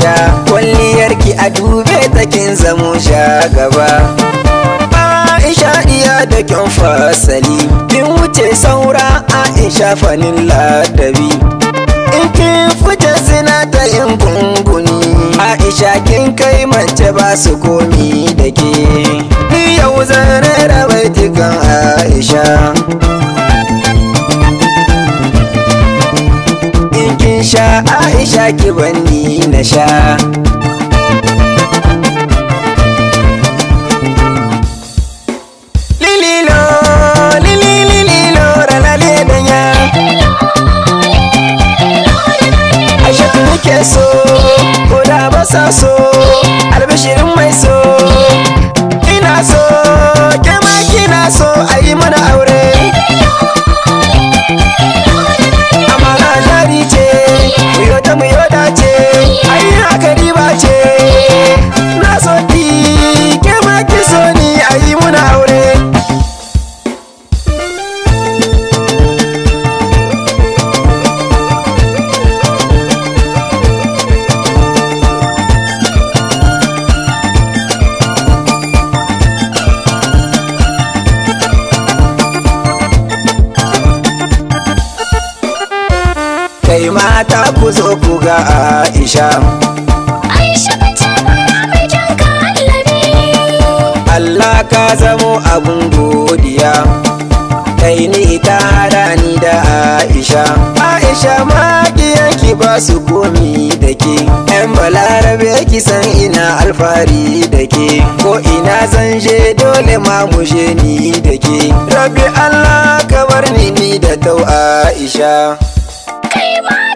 sha ki a dube kin zamo sha gaba Aisha iya da kyan fasali bin wuce saura Aisha fanin ladabi in kin fita zina ta yin gunguni Aisha kin kai mace ba su komi da ke ni yau zan rera baitukan Aisha Aisha ki banni na sha Lililo lili lililo ralale danya Aisha ki muke so ko da albishirin mai so ku zo ku ga Aisha. Aisha mace mai kyan Allah ka zamo abun godiya. Kai ni ta hada ni da Aisha. Aisha ma ki ba su komi da ke. ‘Yan balarabe ki san ina alfari da ke. Ko ina zan je dole ma mu je ni da ke. Rabbi Allah ka bar ni ni da tau Aisha. Kai ma